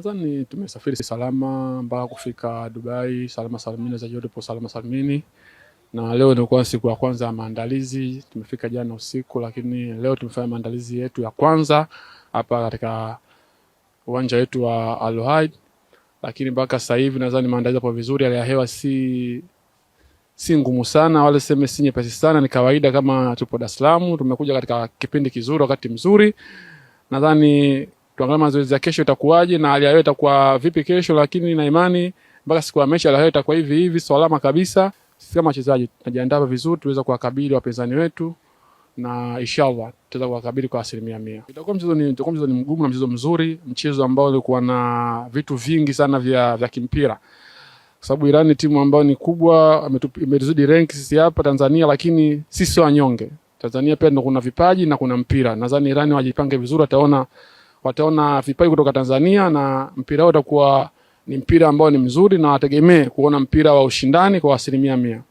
nadhani tumesafiri salama mpaka kufika Dubai salama salimini, za jioni salama salimini, na leo ndio siku ya kwanza ya maandalizi. Tumefika jana usiku, lakini leo tumefanya maandalizi yetu ya kwanza hapa katika uwanja wetu wa Al Uhaid, lakini mpaka sasa hivi nadhani maandalizi yapo vizuri. Hali ya hewa si si ngumu sana, wala sema si nyepesi sana, ni kawaida kama tupo Dar es Salaam. Tumekuja katika kipindi kizuri, wakati mzuri, nadhani tuangalie mazoezi ya kesho itakuwaje na hali yao itakuwa vipi kesho, lakini na imani mpaka siku ya mechi hali yao itakuwa hivi hivi salama kabisa. Sisi kama wachezaji tunajiandaa vizuri tuweza kuwakabili wapinzani wetu na inshallah tutaweza kuwakabili kwa asilimia mia. Itakuwa mchezo ni itakuwa mchezo ni mgumu na mchezo mzuri, mchezo ambao ulikuwa na vitu vingi sana vya vya kimpira, kwa sababu Iran ni timu ambayo ni kubwa, imetuzidi rank sisi hapa Tanzania, lakini sisi sio wanyonge. Tanzania pia kuna vipaji na kuna mpira. Nadhani Iran wajipange vizuri, ataona wataona vipaji kutoka Tanzania na mpira wao utakuwa ni mpira ambao ni mzuri, na wategemee kuona mpira wa ushindani kwa asilimia mia.